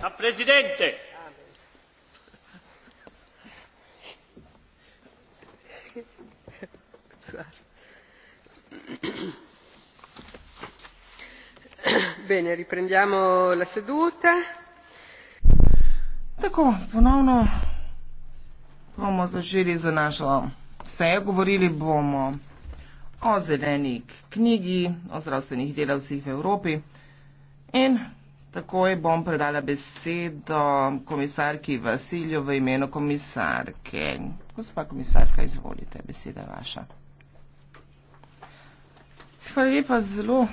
Herr Präsident! Bene, riprendiamo la seduta. Tako, ponovno bomo začeli za našo sejo. Govorili bomo o zeleni knjigi, o zdravstvenih delavcih v Evropi in Takoj bom predala besedo komisarki Vasilju v imenu komisarke. Gospa komisarka, izvolite, beseda je vaša. Hvala lepa, zelo.